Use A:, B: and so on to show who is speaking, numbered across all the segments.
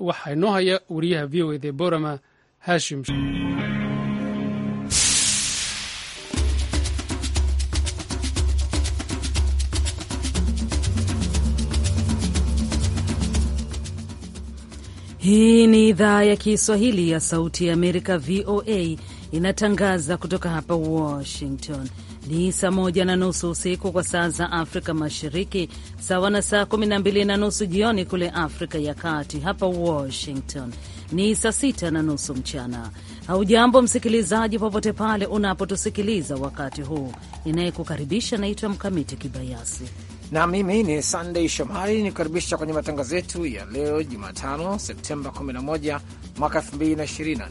A: waxaa inoo haya wariyaha v o ede borama hashim
B: Hii ni idhaa ya Kiswahili ya Sauti ya Amerika, VOA, inatangaza kutoka hapa Washington. Ni saa moja na nusu usiku kwa saa za Afrika Mashariki, sawa na saa kumi na mbili na nusu jioni kule Afrika ya Kati. Hapa Washington ni saa sita na nusu mchana. Haujambo msikilizaji, popote pale unapotusikiliza wakati huu. inayekukaribisha naitwa Mkamiti Kibayasi
C: na mimi ni sandey Shomari, ni kukaribisha kwenye matangazo yetu ya leo Jumatano, Septemba 11 mwaka 2024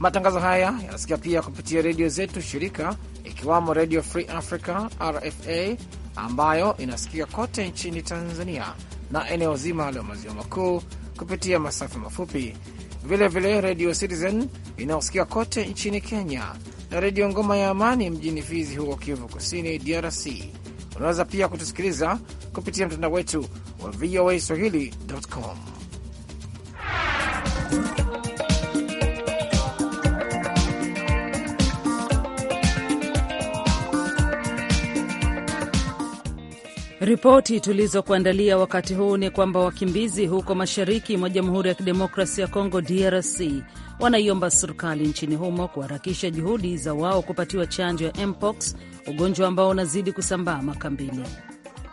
C: Matangazo haya yanasikia pia kupitia redio zetu shirika, ikiwamo Redio Free Africa RFA ambayo inasikika kote nchini Tanzania na eneo zima la maziwa makuu kupitia masafa mafupi, vilevile Redio Citizen inayosikika kote nchini Kenya na Redio Ngoma ya Amani mjini Fizi huko Kivu Kusini, DRC. Unaweza pia kutusikiliza kupitia mtandao wetu wa VOA swahili.com.
B: Ripoti tulizokuandalia wakati huu ni kwamba wakimbizi huko mashariki mwa Jamhuri ya Kidemokrasia ya Kongo, DRC, wanaiomba serikali nchini humo kuharakisha juhudi za wao kupatiwa chanjo ya mpox, ugonjwa ambao unazidi kusambaa makambini.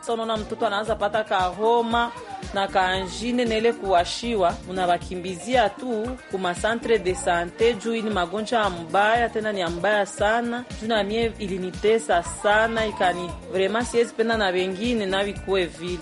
D: Sasa unaona mtoto anaanza pata kahoma na kaanjine nele kuwashiwa, munabakimbizia tu kuma centre de sante juu ni magonjwa ya mbaya, tena ni mbaya sana. Juu na mie ilinitesa sana, ikani vrema siwezi penda na wengine navikuwe vile.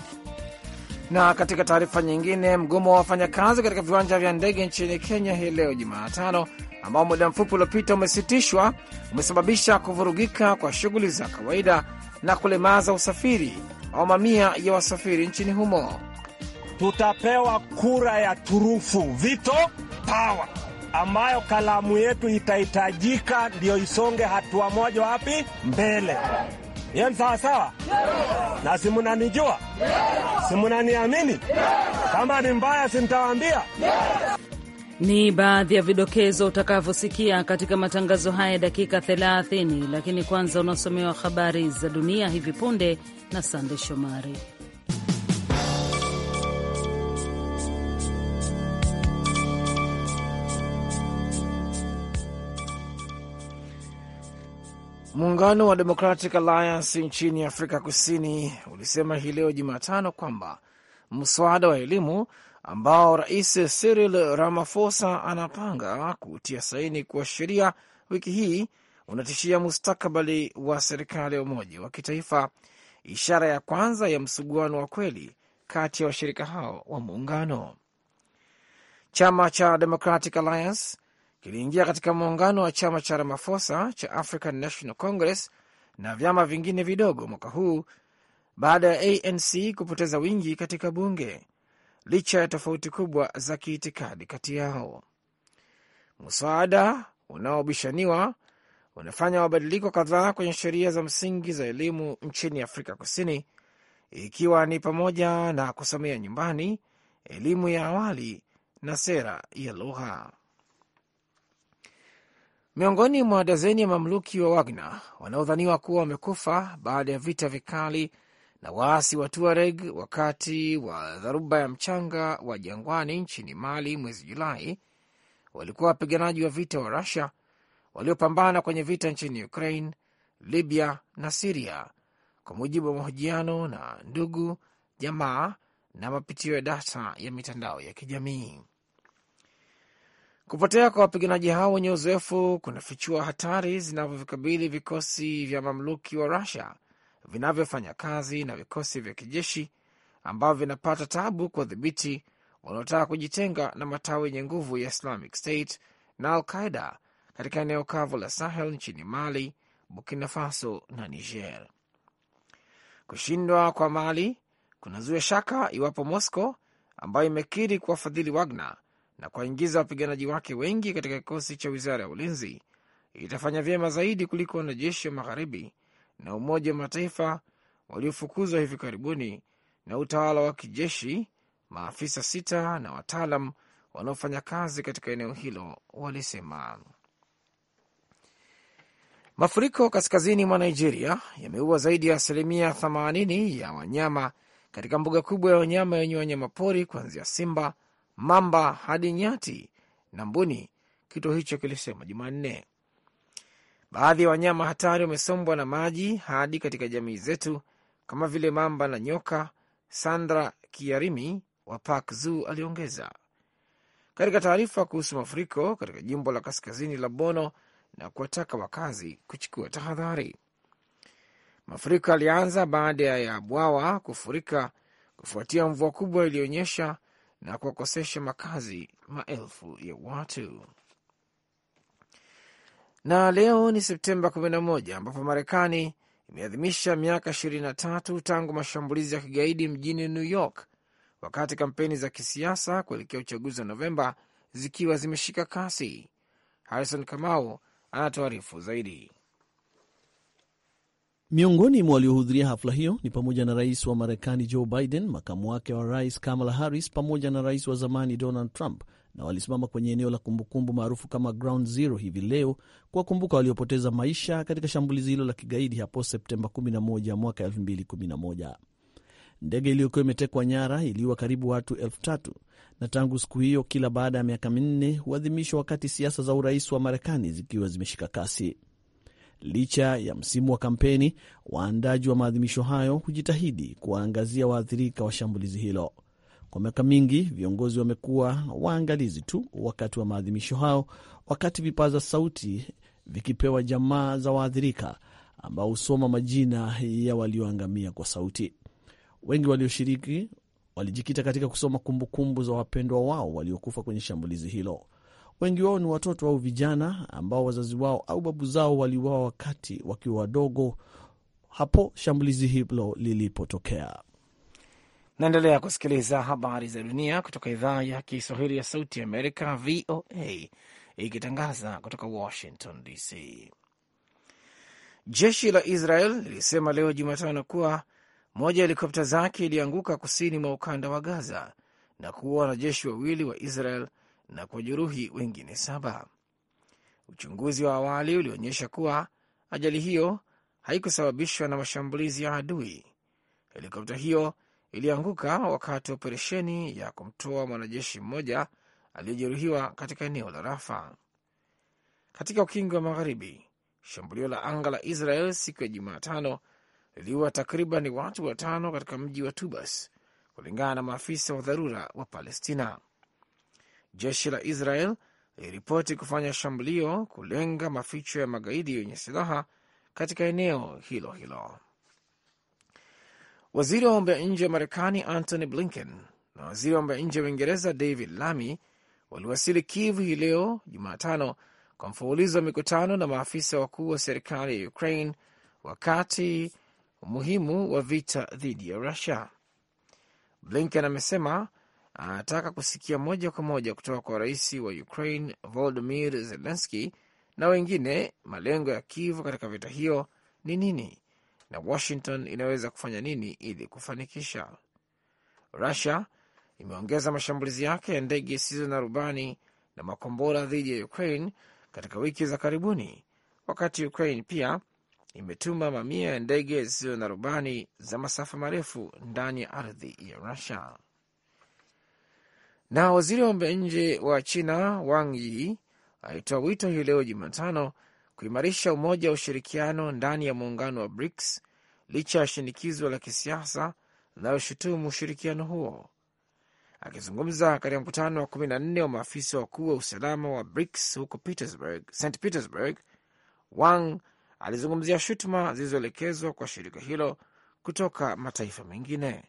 C: Na katika taarifa nyingine, mgomo wa wafanyakazi katika viwanja vya ndege nchini Kenya hii leo Jumatano, ambao muda mfupi uliopita umesitishwa, umesababisha kuvurugika kwa shughuli za kawaida na kulemaza usafiri au mamia ya wasafiri nchini humo. Tutapewa kura ya
E: turufu vito pawa, ambayo kalamu yetu itahitajika ndiyo isonge hatua moja wapi mbele. Ye ni sawasawa na simunanijua, simunaniamini, kama ni mbaya simtawaambia.
B: Ni baadhi ya vidokezo utakavyosikia katika matangazo haya dakika 30, lakini kwanza unasomewa habari za dunia hivi punde na Sande
F: Shomari.
C: Muungano wa Democratic Alliance nchini Afrika Kusini ulisema hii leo Jumatano kwamba mswada wa elimu ambao Rais Cyril Ramaphosa anapanga kutia saini kuwa sheria wiki hii unatishia mustakabali wa serikali ya umoja wa kitaifa ishara ya kwanza ya msuguano wa kweli kati ya washirika hao wa muungano. Chama cha Democratic Alliance kiliingia katika muungano wa chama cha ramafosa cha African National Congress na vyama vingine vidogo mwaka huu baada ya ANC kupoteza wingi katika bunge licha ya tofauti kubwa za kiitikadi kati yao. Mswada unaobishaniwa unafanya mabadiliko kadhaa kwenye sheria za msingi za elimu nchini Afrika Kusini, ikiwa ni pamoja na kusomea nyumbani, elimu ya awali na sera ya lugha. Miongoni mwa dazeni ya mamluki wa Wagner wanaodhaniwa kuwa wamekufa baada ya vita vikali na waasi wa Tuareg wakati wa dharuba ya mchanga wa jangwani nchini Mali mwezi Julai walikuwa wapiganaji wa vita wa Rusia waliopambana kwenye vita nchini Ukraine, Libya na Siria, kwa mujibu wa mahojiano na ndugu, jamaa na mapitio ya data ya mitandao ya kijamii. Kupotea kwa wapiganaji hao wenye uzoefu kunafichua hatari zinavyovikabili vikosi vya mamluki wa Rusia vinavyofanya kazi na vikosi vya kijeshi ambavyo vinapata tabu kuwadhibiti wanaotaka kujitenga na matawi yenye nguvu ya Islamic State na Al Qaida katika eneo kavu la Sahel nchini Mali, Burkina Faso na Niger. Kushindwa kwa Mali kunazua shaka iwapo Moscow ambayo imekiri kuwafadhili Wagner na kuwaingiza wapiganaji wake wengi katika kikosi cha wizara ya ulinzi itafanya vyema zaidi kuliko wanajeshi wa magharibi na Umoja wa Mataifa waliofukuzwa hivi karibuni na utawala wa kijeshi. Maafisa sita na wataalam wanaofanya kazi katika eneo hilo walisema. Mafuriko kaskazini mwa Nigeria yameua zaidi ya asilimia 80 ya wanyama katika mbuga kubwa ya wanyama yenye wanyama pori kuanzia simba, mamba hadi nyati na mbuni, kituo hicho kilisema Jumanne. Baadhi ya wanyama hatari wamesombwa na maji hadi katika jamii zetu kama vile mamba na nyoka. Sandra Kiarimi wa Park Zoo aliongeza katika taarifa kuhusu mafuriko katika jimbo la kaskazini la Bono na kuwataka wakazi kuchukua tahadhari. Mafuriko yalianza baada ya bwawa kufurika kufuatia mvua kubwa iliyonyesha na kuwakosesha makazi maelfu ya watu. Na leo ni Septemba 11 ambapo Marekani imeadhimisha miaka 23 tangu mashambulizi ya kigaidi mjini New York, wakati kampeni za kisiasa kuelekea uchaguzi wa Novemba zikiwa zimeshika kasi. Harrison Kamau anatuarifu zaidi.
G: Miongoni mwa waliohudhuria hafla hiyo ni pamoja na rais wa Marekani Joe Biden, makamu wake wa rais Kamala Harris pamoja na rais wa zamani Donald Trump, na walisimama kwenye eneo la kumbukumbu maarufu kama Ground Zero hivi leo kuwakumbuka waliopoteza maisha katika shambulizi hilo la kigaidi hapo Septemba 11 mwaka 2011. Ndege iliyokuwa imetekwa nyara iliua karibu watu elfu tatu na tangu siku hiyo kila baada ya miaka minne huadhimishwa wakati siasa za urais wa Marekani zikiwa zimeshika kasi. Licha ya msimu wa kampeni, waandaji wa maadhimisho hayo hujitahidi kuwaangazia waathirika wa shambulizi hilo. Kwa miaka mingi viongozi wamekuwa waangalizi tu wakati wa maadhimisho hayo, wakati vipaza sauti vikipewa jamaa za waathirika ambao husoma majina ya walioangamia kwa sauti. Wengi walioshiriki walijikita katika kusoma kumbukumbu za wapendwa wao waliokufa kwenye shambulizi hilo. Wengi wao ni watoto au vijana ambao wazazi wao au babu zao waliuawa wakati wakiwa wadogo hapo shambulizi hilo lilipotokea.
C: Naendelea kusikiliza habari za dunia kutoka idhaa ya Kiswahili ya Sauti ya Amerika, VOA, ikitangaza kutoka Washington DC. Jeshi la Israel lilisema leo Jumatano kuwa moja ya helikopta zake ilianguka kusini mwa ukanda wa Gaza na kuua wanajeshi wawili wa Israel na kuwajeruhi wengine saba. Uchunguzi wa awali ulionyesha kuwa ajali hiyo haikusababishwa na mashambulizi ya adui. Helikopta hiyo ilianguka wakati wa operesheni ya kumtoa mwanajeshi mmoja aliyejeruhiwa katika eneo la Rafa. Katika ukingo wa Magharibi, shambulio la anga la Israel siku ya Jumatano liliua takriban watu watano katika mji wa Tubas, kulingana na maafisa wa dharura wa Palestina. Jeshi la Israel liliripoti kufanya shambulio kulenga maficho ya magaidi yenye silaha katika eneo hilo hilo. Waziri wa mambo ya nje wa Marekani Antony Blinken na waziri wa mambo ya nje wa Uingereza David Lamy waliwasili kivu hii leo Jumatano kwa mfululizo wa mikutano na maafisa wakuu wa serikali ya Ukraine wakati umuhimu wa vita dhidi ya Rusia. Blinken amesema anataka kusikia moja kwa moja kutoka kwa rais wa Ukraine Volodimir Zelenski na wengine malengo ya Kiev katika vita hiyo ni nini na Washington inaweza kufanya nini ili kufanikisha. Rusia imeongeza mashambulizi yake ya ndege zisizo na rubani na makombora dhidi ya Ukraine katika wiki za karibuni, wakati Ukraine pia imetuma mamia ya ndege zisizo na rubani za masafa marefu ndani ya ardhi ya Rusia. Na waziri wa mambo ya nje wa China Wang Yi alitoa wito hii leo Jumatano kuimarisha umoja wa ushirikiano ndani ya muungano wa BRICS licha ya shinikizo la kisiasa linaloshutumu ushirikiano huo. Akizungumza katika mkutano wa 14 wa maafisa wakuu wa usalama wa BRICS huko Petersburg, St Petersburg, Wang alizungumzia shutuma zilizoelekezwa kwa shirika hilo kutoka mataifa mengine.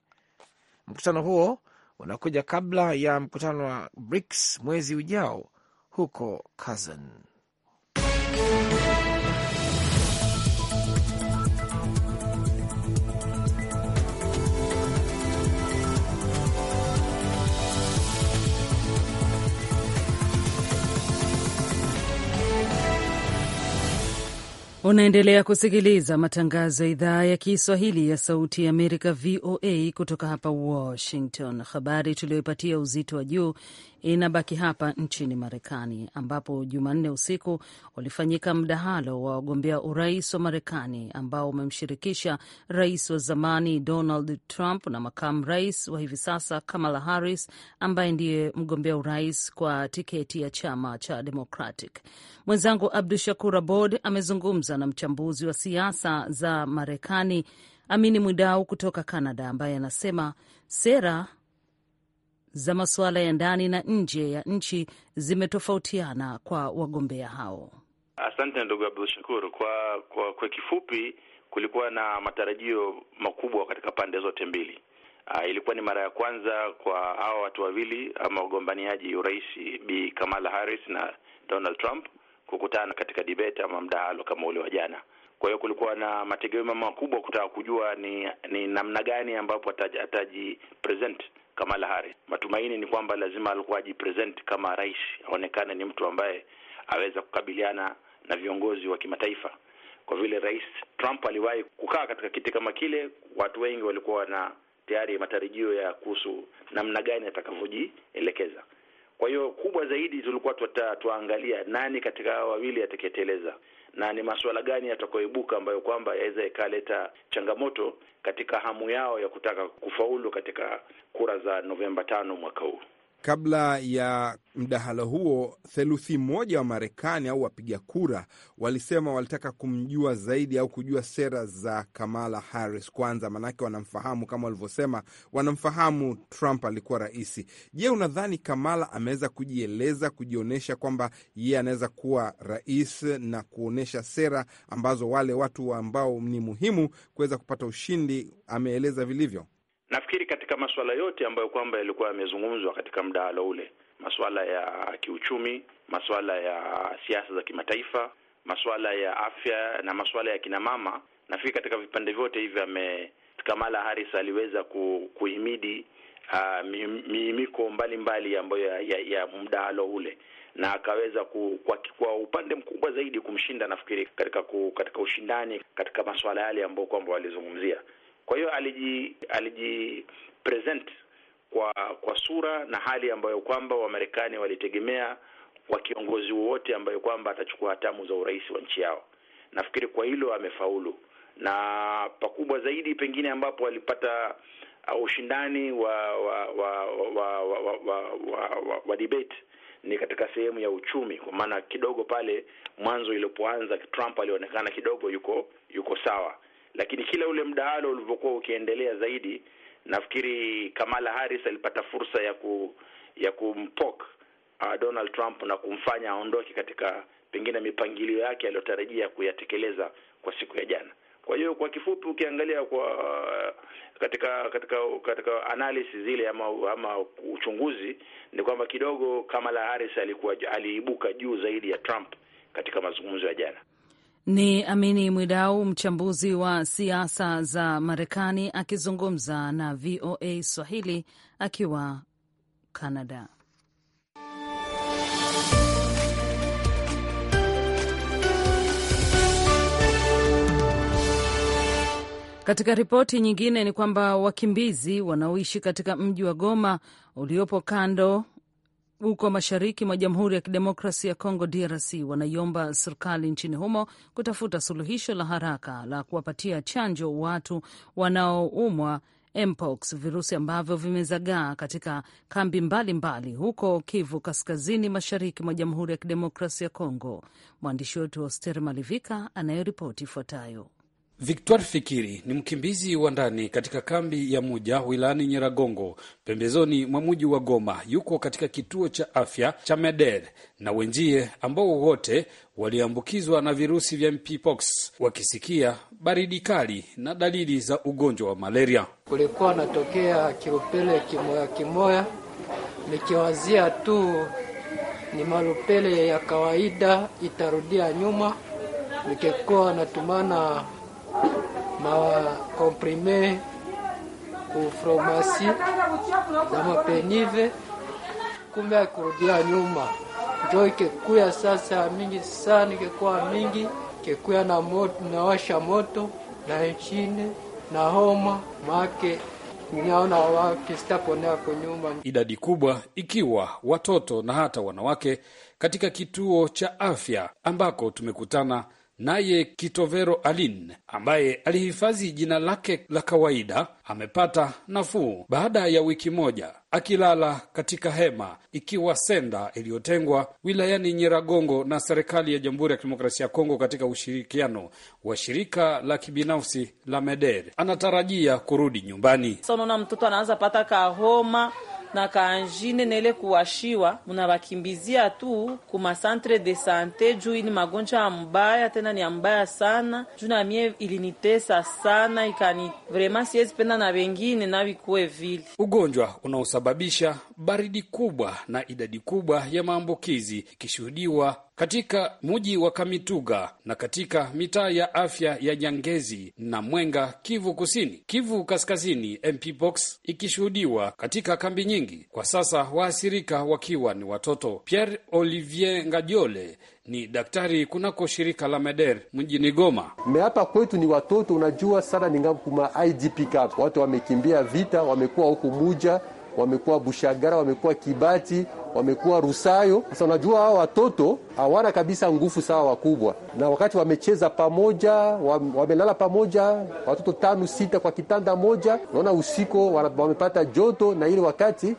C: Mkutano huo unakuja kabla ya mkutano wa BRICS mwezi ujao huko Kazan.
B: Unaendelea kusikiliza matangazo ya idhaa ya Kiswahili ya Sauti ya Amerika, VOA, kutoka hapa Washington. Habari tuliyoipatia uzito wa juu inabaki hapa nchini Marekani, ambapo Jumanne usiku ulifanyika mdahalo wa wagombea urais wa Marekani ambao umemshirikisha rais wa zamani Donald Trump na makamu rais wa hivi sasa Kamala Harris, ambaye ndiye mgombea urais kwa tiketi ya chama cha Democratic. Mwenzangu Abdu Shakur Abod amezungumza na mchambuzi wa siasa za Marekani Amini Mwidau kutoka Canada, ambaye anasema sera za masuala ya ndani na nje ya nchi zimetofautiana kwa wagombea hao.
H: Asante ndugu Abdul Shakur. Kwa, kwa, kwa kifupi kulikuwa na matarajio makubwa katika pande zote mbili. Uh, ilikuwa ni mara ya kwanza kwa hawa watu wawili ama wagombaniaji urais Bi Kamala Harris na Donald Trump kukutana katika debate ama mdahalo kama ule wa jana. Kwa hiyo kulikuwa na mategemeo makubwa kutaka kujua ni, ni namna gani ambapo ataji present Kamala Harris. Matumaini ni kwamba lazima alikuwa ajipresent kama rais, aonekane ni mtu ambaye aweza kukabiliana na viongozi wa kimataifa, kwa vile rais Trump aliwahi kukaa katika kiti kama kile. Watu wengi walikuwa na tayari matarajio ya kuhusu namna gani atakavyojielekeza. Kwa hiyo kubwa zaidi tulikuwa tuangalia nani katika hawa wawili ataketeleza na ni masuala gani yatakayoibuka ambayo kwamba yaweza ikaleta changamoto katika hamu yao ya kutaka kufaulu katika kura za Novemba tano mwaka huu.
A: Kabla ya mdahalo huo, theluthi moja wa Marekani au wapiga kura walisema walitaka kumjua zaidi au kujua sera za Kamala Harris kwanza, maanake wanamfahamu kama walivyosema, wanamfahamu Trump alikuwa raisi. Je, unadhani Kamala ameweza kujieleza, kujionyesha kwamba yeye anaweza kuwa rais na kuonyesha sera ambazo wale watu ambao ni muhimu kuweza kupata ushindi ameeleza vilivyo?
H: Nafikiri katika masuala yote ambayo kwamba yalikuwa yamezungumzwa katika mdahalo ule, masuala ya kiuchumi, masuala ya siasa za kimataifa, masuala ya afya na masuala ya kinamama, nafikiri katika vipande vyote hivi ame Kamala Harris aliweza ku, kuhimidi uh, miimiko mbalimbali ambayo ya, ya, ya mdahalo ule na akaweza ku, kwa, kwa upande mkubwa zaidi kumshinda nafikiri katika ku, katika ushindani katika masuala yale ambayo kwamba walizungumzia. Kwa hiyo aliji present kwa kwa sura na hali ambayo kwamba Wamarekani walitegemea kwa kiongozi wowote ambayo kwamba atachukua hatamu za urais wa nchi yao. Nafikiri kwa hilo amefaulu, na pakubwa zaidi pengine ambapo walipata uh, ushindani wa wa wa wa wa, wa, wa, wa, wa debate ni katika sehemu ya uchumi, kwa maana kidogo pale mwanzo ilipoanza Trump alionekana kidogo yuko yuko sawa. Lakini kila ule mdahalo ulivyokuwa ukiendelea zaidi, nafikiri Kamala Harris alipata fursa ya ku, ya kumpok uh, Donald Trump na kumfanya aondoke katika pengine mipangilio yake aliyotarajia kuyatekeleza kwa siku ya jana. Kwa hiyo kwa kifupi, ukiangalia kwa uh, katika katika katika analysis zile ama ama uchunguzi ni kwamba kidogo Kamala Harris alikuwa aliibuka juu zaidi ya Trump katika mazungumzo ya jana.
B: Ni Amini Mwidau, mchambuzi wa siasa za Marekani, akizungumza na VOA Swahili akiwa Canada. Katika ripoti nyingine ni kwamba wakimbizi wanaoishi katika mji wa Goma uliopo kando huko mashariki mwa Jamhuri ya Kidemokrasi ya congo DRC, wanaiomba serikali nchini humo kutafuta suluhisho la haraka la kuwapatia chanjo watu wanaoumwa mpox, virusi ambavyo vimezagaa katika kambi mbalimbali mbali, huko Kivu Kaskazini, mashariki mwa Jamhuri ya Kidemokrasi ya congo Mwandishi wetu Oster Malivika anayeripoti ifuatayo.
A: Victor Fikiri ni mkimbizi wa ndani katika kambi ya Muja wilayani Nyiragongo, pembezoni mwa mji wa Goma. Yuko katika kituo cha afya cha Medel na wenjie ambao wote waliambukizwa na virusi vya mpox, wakisikia baridi kali na dalili za ugonjwa wa malaria.
C: Kulikuwa natokea kirupele kimoya kimoya, nikiwazia tu ni marupele ya kawaida itarudia nyuma, nikikuwa natumana mawa comprime ku mapenive, kumbe akurudia nyuma, njo ikekuya sasa mingi sana, ikekuwa mingi, kekuya na moto, nawasha moto na nchine na homa make naona wakistaponea kwa nyumba,
A: idadi kubwa ikiwa watoto na hata wanawake katika kituo cha afya ambako tumekutana Naye Kitovero alin ambaye alihifadhi jina lake la kawaida amepata nafuu baada ya wiki moja akilala katika hema ikiwa senda iliyotengwa wilayani Nyiragongo na serikali ya Jamhuri ya Kidemokrasia ya Kongo katika ushirikiano wa shirika la kibinafsi la Meder. Anatarajia kurudi nyumbani.
D: Sonaona mtoto anaanza pata na kaanjine nele kuwashiwa munawakimbizia tu kuma de sante juu ini magonjwa ya mbaya tena ni ya mbaya sana, juu na mie ilinitesa sana ikani vrema siwezi penda na wengine
A: navikuwe vile. Ugonjwa unaosababisha baridi kubwa na idadi kubwa ya maambukizi ikishuhudiwa katika muji wa Kamituga na katika mitaa ya afya ya Nyangezi na Mwenga, Kivu Kusini, Kivu Kaskazini. Mpox ikishuhudiwa katika kambi nyingi kwa sasa, waathirika wakiwa ni watoto. Pierre Olivier Ngajole ni daktari kunako shirika la Meder mjini Goma.
E: Mehapa kwetu ni watoto, unajua sana ningakuma IDP camp, watu wamekimbia vita, wamekuwa huku muja, wamekuwa Bushagara, wamekuwa Kibati wamekuwa rusayo. Sasa unajua hawa watoto hawana kabisa nguvu sawa wakubwa, na wakati wamecheza pamoja, wamelala pamoja, watoto tano sita kwa kitanda moja, unaona usiko wamepata joto, na ile wakati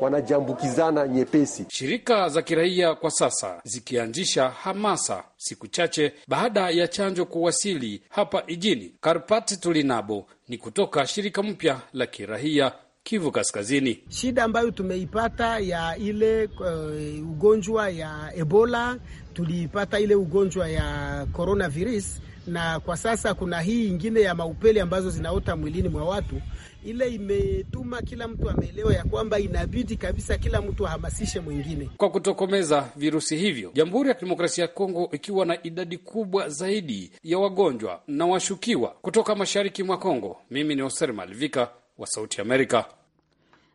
E: wanajambukizana wana nyepesi.
A: Shirika za kiraia kwa sasa zikianzisha hamasa siku chache baada ya chanjo kuwasili hapa ijini. Karpati Tulinabo ni kutoka shirika mpya la kiraia Kivu Kaskazini.
E: Shida ambayo tumeipata ya ile
I: uh, ugonjwa ya Ebola, tuliipata ile ugonjwa ya coronavirus na kwa sasa kuna hii ingine ya maupeli ambazo zinaota mwilini mwa watu.
H: Ile imetuma kila mtu ameelewa ya kwamba inabidi kabisa kila mtu ahamasishe mwingine
A: kwa kutokomeza virusi hivyo. Jamhuri ya Kidemokrasia ya Kongo ikiwa na idadi kubwa zaidi ya wagonjwa na washukiwa kutoka mashariki mwa Kongo. Mimi ni Oser Malivika wa Sauti Amerika,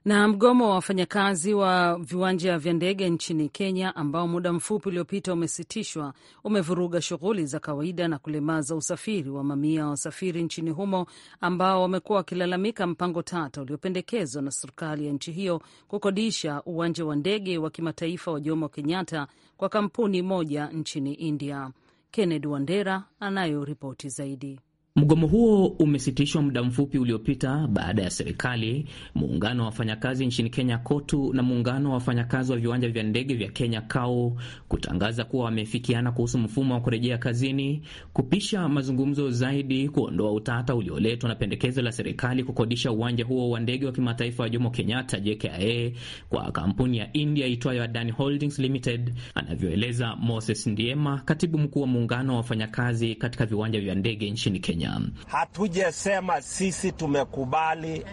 B: na mgomo wa wafanyakazi wa viwanja vya ndege nchini Kenya ambao muda mfupi uliopita umesitishwa umevuruga shughuli za kawaida na kulemaza usafiri wa mamia wa wasafiri nchini humo ambao wamekuwa wakilalamika mpango tata uliopendekezwa na serikali ya nchi hiyo kukodisha uwanja wa ndege wa kimataifa wa Jomo Kenyatta kwa kampuni moja nchini India. Kennedy Wandera anayo ripoti zaidi.
D: Mgomo huo umesitishwa muda mfupi uliopita baada ya serikali, muungano wa wafanyakazi nchini Kenya KOTU na muungano wa wafanyakazi wa viwanja vya ndege vya Kenya KAU kutangaza kuwa wamefikiana kuhusu mfumo wa kurejea kazini, kupisha mazungumzo zaidi, kuondoa utata ulioletwa na pendekezo la serikali kukodisha uwanja huo wa ndege wa kimataifa wa Jomo Kenyatta JKIA kwa kampuni ya India itwayo Adani Holdings Limited, anavyoeleza Moses Ndiema, katibu mkuu wa muungano wa wafanyakazi katika viwanja vya ndege nchini Kenya. Kenya.
E: Hatujasema sisi tumekubali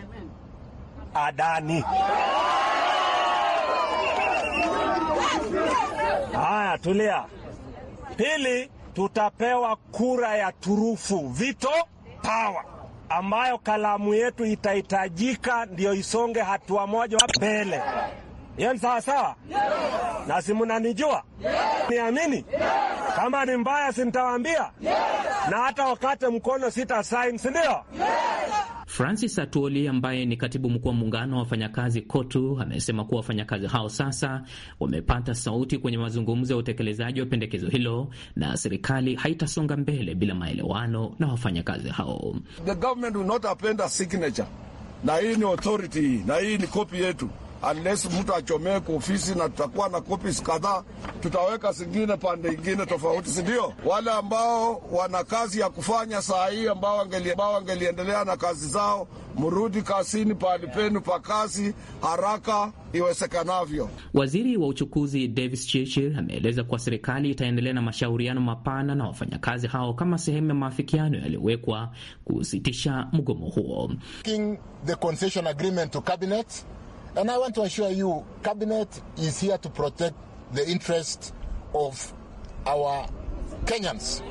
E: Adani. Haya, tulia. Pili, tutapewa kura ya turufu vito pawa, ambayo kalamu yetu itahitajika ndiyo isonge hatua moja mbele. Yeye sawasawa na si mnanijua niamini kama ni mbaya sintawambia yeah. na hata wakate mkono sita saini, si ndio? Francis
D: atuoli ambaye ni katibu mkuu wa muungano wa wafanyakazi KOTU amesema kuwa wafanyakazi hao sasa wamepata sauti kwenye mazungumzo ya utekelezaji wa pendekezo hilo na serikali haitasonga mbele bila maelewano na wafanyakazi hao.
E: The government will not append a signature, na hii ni authority, na hii ni kopi yetu unless mtu achomee kwa ofisi, na tutakuwa na copies kadhaa, tutaweka zingine pande ingine tofauti, si ndio? Wale ambao wana kazi ya kufanya saa hii, ambao wangeliendelea na kazi zao, mrudi kazini, pahali penu pa kazi haraka iwezekanavyo.
D: Waziri wa uchukuzi Davis Chirchir ameeleza kuwa serikali itaendelea na mashauriano mapana na wafanyakazi hao kama sehemu ya maafikiano yaliyowekwa kusitisha mgomo huo.
H: And I want to assure you, Cabinet is here to protect the interests of our Kenyans.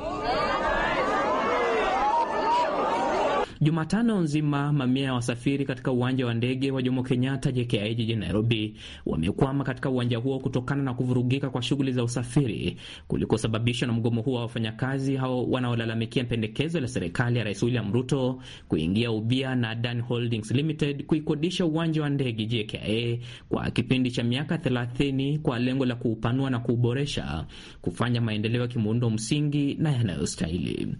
D: Jumatano nzima mamia ya wasafiri katika uwanja wa ndege wa Jomo Kenyatta JKIA jijini Nairobi wamekwama katika uwanja huo kutokana na kuvurugika kwa shughuli za usafiri kulikosababishwa na mgomo huo wa wafanyakazi hao wanaolalamikia pendekezo la serikali ya Rais William Ruto kuingia ubia na Dan Holdings Limited kuikodisha uwanja wa ndege JKIA kwa kipindi cha miaka 30 kwa lengo la kuupanua na kuuboresha, kufanya maendeleo ya kimuundo msingi na yanayostahili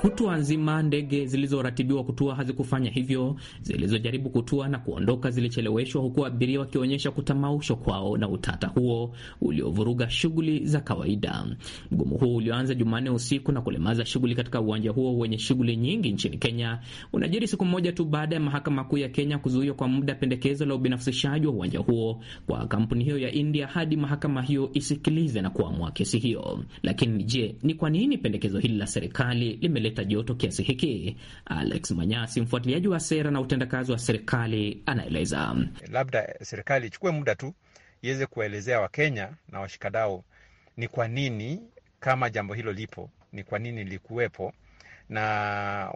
D: Kutwa nzima ndege zilizoratibiwa kutua hazikufanya hivyo. Zilizojaribu kutua na kuondoka zilicheleweshwa, huku abiria wakionyesha kutamaushwa kwao na utata huo uliovuruga shughuli za kawaida. Mgomo huo ulioanza Jumanne usiku na kulemaza shughuli katika uwanja huo wenye shughuli nyingi nchini Kenya unajiri siku moja tu baada ya mahakama kuu ya Kenya kuzuia kwa muda pendekezo la ubinafsishaji wa uwanja huo kwa kampuni hiyo ya India hadi mahakama hiyo isikilize na kuamua kesi hiyo. Lakini je, ni kwa nini pendekezo hili la serikali limele kuleta joto kiasi hiki? Alex Manyasi, mfuatiliaji wa sera na utendakazi wa serikali, anaeleza.
H: Labda serikali ichukue muda tu iweze kuwaelezea Wakenya na washikadau ni kwa nini kama jambo hilo lipo, ni kwa nini likuwepo, na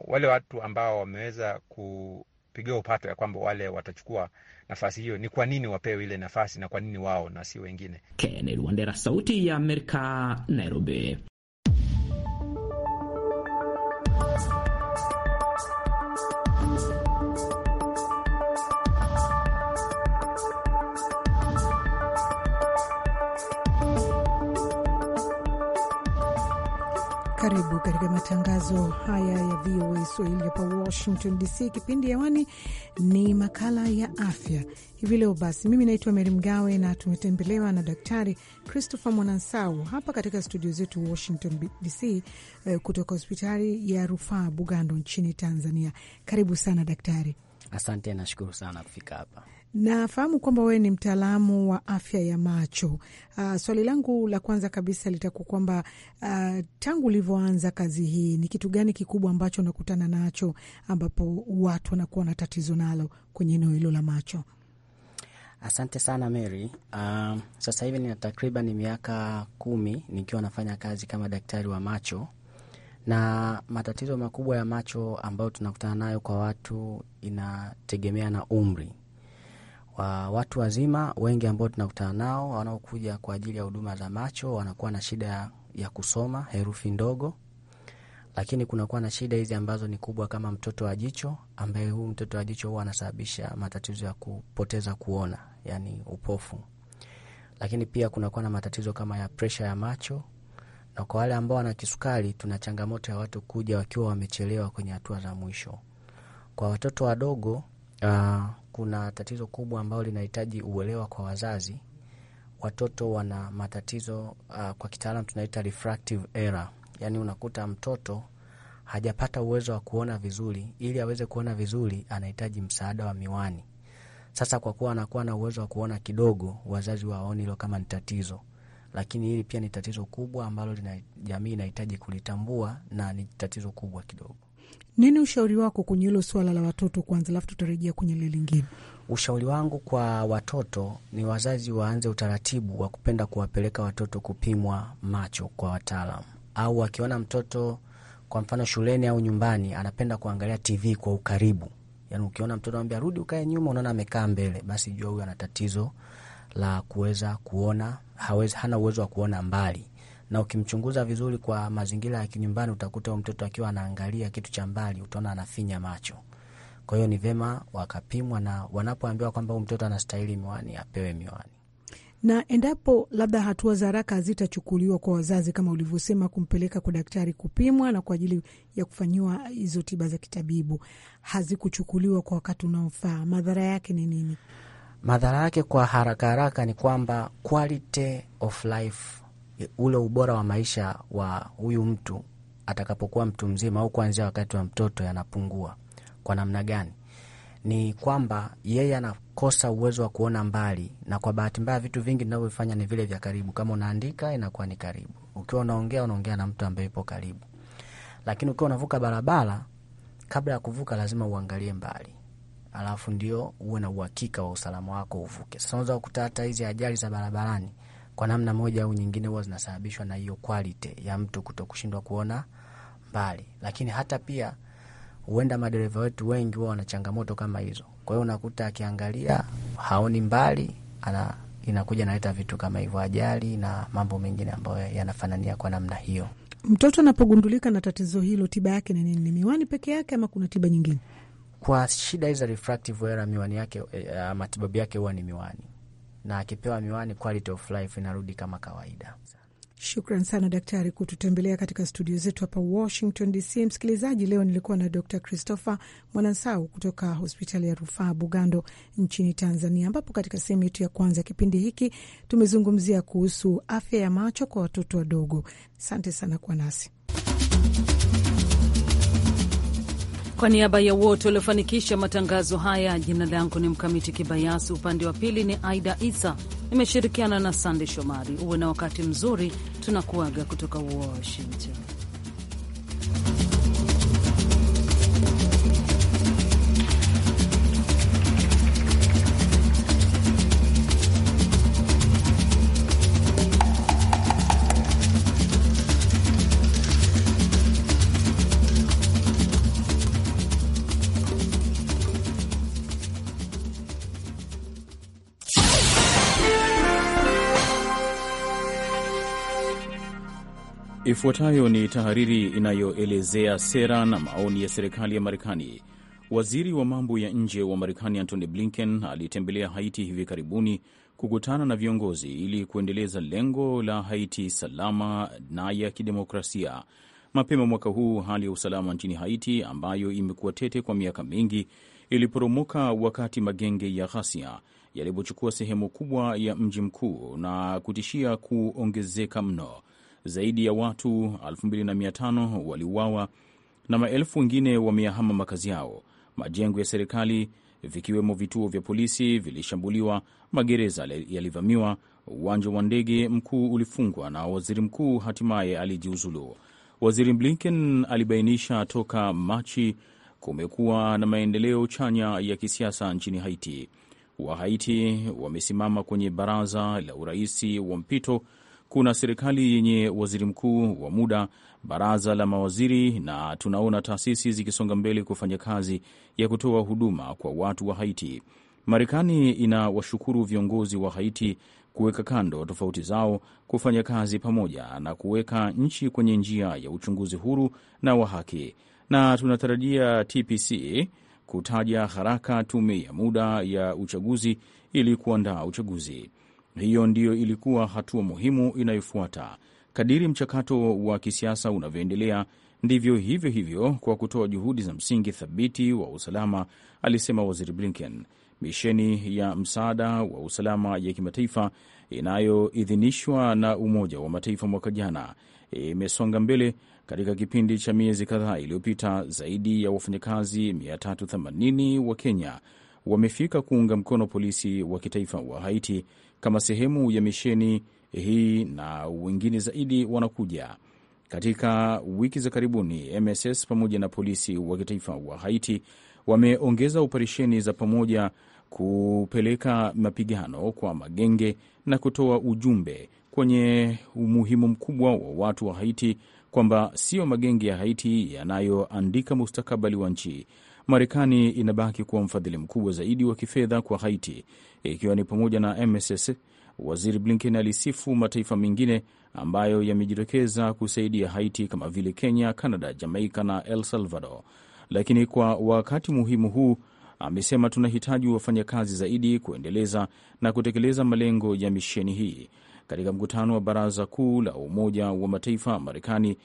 H: wale watu ambao wameweza kupigiwa upato ya kwamba wale watachukua nafasi hiyo, ni kwa nini wapewe ile nafasi, na kwa nini wao na si wengine.
D: Kennedy Wandera, Sauti ya Amerika, Nairobi.
F: katika matangazo
J: haya ya VOA Swahili hapa Washington DC. Kipindi hewani ni makala ya afya hivi leo. Basi mimi naitwa Meri Mgawe na tumetembelewa na Daktari Christopher Mwanansau hapa katika studio zetu Washington DC, eh, kutoka hospitali ya rufaa Bugando nchini Tanzania. Karibu sana daktari.
K: Asante, nashukuru sana kufika hapa.
J: Nafahamu kwamba wewe ni mtaalamu wa afya ya macho. Uh, swali langu la kwanza kabisa litakuwa kwamba uh, tangu ulivyoanza kazi hii ni kitu gani kikubwa ambacho unakutana nacho ambapo watu wanakuwa na tatizo nalo kwenye eneo hilo la macho?
K: Asante sana Mary. Uh, sasa hivi nina takriban miaka kumi nikiwa nafanya kazi kama daktari wa macho, na matatizo makubwa ya macho ambayo tunakutana nayo kwa watu inategemea na umri wa watu wazima wengi ambao tunakutana nao wanaokuja kwa ajili ya huduma za macho wanakuwa na shida ya kusoma herufi ndogo, lakini kunakuwa na shida hizi ambazo ni kubwa kama mtoto wa jicho, ambaye huu mtoto wa jicho huwa anasababisha matatizo ya kupoteza kuona, yani upofu. Lakini pia kunakuwa na matatizo kama ya presha ya macho, na kwa wale ambao wana kisukari, tuna changamoto ya watu kuja wakiwa wamechelewa kwenye hatua za mwisho. Kwa watoto wadogo uh, kuna tatizo kubwa ambalo linahitaji uelewa kwa wazazi. Watoto wana matatizo uh, kwa kitaalam tunaita refractive error, yaani unakuta mtoto hajapata uwezo wa kuona vizuri. Ili aweze kuona vizuri, anahitaji msaada wa miwani. Sasa kwa kuwa anakuwa na uwezo wa kuona kidogo, wazazi waoni hilo kama ni tatizo, lakini hili pia ni tatizo kubwa ambalo jamii inahitaji kulitambua na ni tatizo kubwa kidogo.
J: Nini ushauri wako kwenye hilo swala la watoto kwanza, alafu tutarejea kwenye lile lingine?
K: Ushauri wangu kwa watoto ni wazazi waanze utaratibu wa kupenda kuwapeleka watoto kupimwa macho kwa wataalam au wakiona mtoto kwa mfano shuleni au nyumbani anapenda kuangalia TV kwa ukaribu, yani ukiona mtoto ambia rudi ukae nyuma, unaona amekaa mbele, basi jua huyu ana tatizo la kuweza kuona, hawezi, hana uwezo wa kuona mbali na ukimchunguza vizuri kwa mazingira ya kinyumbani utakuta huyo mtoto akiwa anaangalia kitu cha mbali, utaona anafinya macho. Kwa hiyo ni vema wakapimwa, na wanapoambiwa kwamba huyu mtoto anastahili miwani, apewe miwani.
J: Na endapo labda hatua za haraka hazitachukuliwa kwa wazazi, kama ulivyosema, kumpeleka kwa daktari kupimwa na kwa ajili ya kufanyiwa hizo tiba za kitabibu, hazikuchukuliwa kwa wakati unaofaa, madhara
K: yake ni nini? Madhara yake kwa haraka haraka ni kwamba quality of life Eh, ule ubora wa maisha wa huyu mtu atakapokuwa mtu mzima au kuanzia wakati wa mtoto yanapungua. Kwa namna gani? Ni kwamba yeye anakosa uwezo wa kuona mbali, na kwa bahati mbaya vitu vingi vinavyofanya ni vile vya karibu. Kama unaandika inakuwa ni karibu, ukiwa unaongea unaongea na mtu ambaye yupo karibu, lakini ukiwa unavuka barabara, kabla ya kuvuka lazima uangalie mbali alafu ndio uwe na uhakika wa usalama wako uvuke. Sasa unaweza kukuta hata hizi ajali za barabarani kwa namna moja au nyingine huwa zinasababishwa na hiyo quality ya mtu kuto kushindwa kuona mbali. Lakini hata pia huenda madereva wetu wengi huwa wana changamoto kama hizo. Kwa hiyo unakuta akiangalia haoni mbali, ana inakuja naleta vitu kama hivyo, ajali na mambo mengine ambayo yanafanania kwa namna hiyo.
J: Mtoto anapogundulika na tatizo hilo, tiba yake ni nini? Ni miwani peke yake ama kuna tiba nyingine?
K: Kwa shida hizi za refractive error, miwani yake, eh, ah, matibabu yake huwa ni miwani na akipewa miwani quality of life inarudi kama kawaida.
J: Shukran sana daktari kututembelea katika studio zetu hapa Washington DC. Msikilizaji, leo nilikuwa na Dr Christopher Mwanansau kutoka hospitali ya rufaa Bugando nchini Tanzania, ambapo katika sehemu yetu ya kwanza ya kipindi hiki tumezungumzia kuhusu afya ya macho kwa watoto wadogo. Asante sana kwa nasi
B: kwa niaba ya wote waliofanikisha matangazo haya, jina langu ni Mkamiti Kibayasi, upande wa pili ni Aida Isa, nimeshirikiana na Sande Shomari. Uwe na wakati mzuri, tunakuaga kutoka Washington.
I: Ifuatayo ni tahariri inayoelezea sera na maoni ya serikali ya Marekani. Waziri wa mambo ya nje wa Marekani Antony Blinken alitembelea Haiti hivi karibuni kukutana na viongozi ili kuendeleza lengo la Haiti salama na ya kidemokrasia. Mapema mwaka huu, hali ya usalama nchini Haiti ambayo imekuwa tete kwa miaka mingi iliporomoka wakati magenge ya ghasia yalipochukua sehemu kubwa ya mji mkuu na kutishia kuongezeka mno. Zaidi ya watu 2500 waliuawa na maelfu wengine wameahama makazi yao. Majengo ya serikali vikiwemo vituo vya polisi vilishambuliwa, magereza yalivamiwa, uwanja wa ndege mkuu ulifungwa na waziri mkuu hatimaye alijiuzulu. Waziri Blinken alibainisha toka Machi kumekuwa na maendeleo chanya ya kisiasa nchini Haiti. Wahaiti wamesimama kwenye baraza la urais wa mpito kuna serikali yenye waziri mkuu wa muda, baraza la mawaziri, na tunaona taasisi zikisonga mbele kufanya kazi ya kutoa huduma kwa watu wa Haiti. Marekani inawashukuru viongozi wa Haiti kuweka kando tofauti zao, kufanya kazi pamoja na kuweka nchi kwenye njia ya uchunguzi huru na wa haki, na tunatarajia TPC kutaja haraka tume ya muda ya uchaguzi ili kuandaa uchaguzi. Hiyo ndiyo ilikuwa hatua muhimu inayofuata. Kadiri mchakato wa kisiasa unavyoendelea, ndivyo hivyo hivyo, kwa kutoa juhudi za msingi thabiti wa usalama, alisema Waziri Blinken. Misheni ya msaada wa usalama ya kimataifa inayoidhinishwa na Umoja wa Mataifa mwaka jana imesonga mbele katika kipindi cha miezi kadhaa iliyopita. Zaidi ya wafanyakazi 380 wa Kenya wamefika kuunga mkono polisi wa kitaifa wa Haiti kama sehemu ya misheni hii na wengine zaidi wanakuja katika wiki za karibuni. MSS pamoja na polisi wa kitaifa wa Haiti wameongeza operesheni za pamoja kupeleka mapigano kwa magenge na kutoa ujumbe kwenye umuhimu mkubwa wa watu wa Haiti kwamba sio magenge ya Haiti yanayoandika mustakabali wa nchi, Marekani inabaki kuwa mfadhili mkubwa zaidi wa kifedha kwa Haiti, ikiwa ni pamoja na MSS. Waziri Blinken alisifu mataifa mengine ambayo yamejitokeza kusaidia Haiti kama vile Kenya, Canada, Jamaika na El Salvador, lakini kwa wakati muhimu huu amesema tunahitaji wafanyakazi zaidi kuendeleza na kutekeleza malengo ya misheni hii. Katika mkutano wa Baraza Kuu la Umoja wa Mataifa, Marekani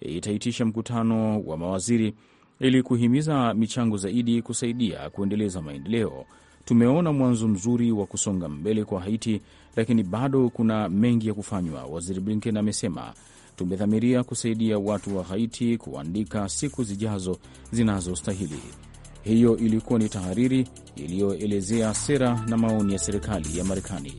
I: itaitisha mkutano wa mawaziri ili kuhimiza michango zaidi kusaidia kuendeleza maendeleo. Tumeona mwanzo mzuri wa kusonga mbele kwa Haiti, lakini bado kuna mengi ya kufanywa, Waziri Blinken amesema. Tumedhamiria kusaidia watu wa Haiti kuandika siku zijazo zinazostahili. Hiyo ilikuwa ni tahariri iliyoelezea sera na maoni ya serikali ya Marekani.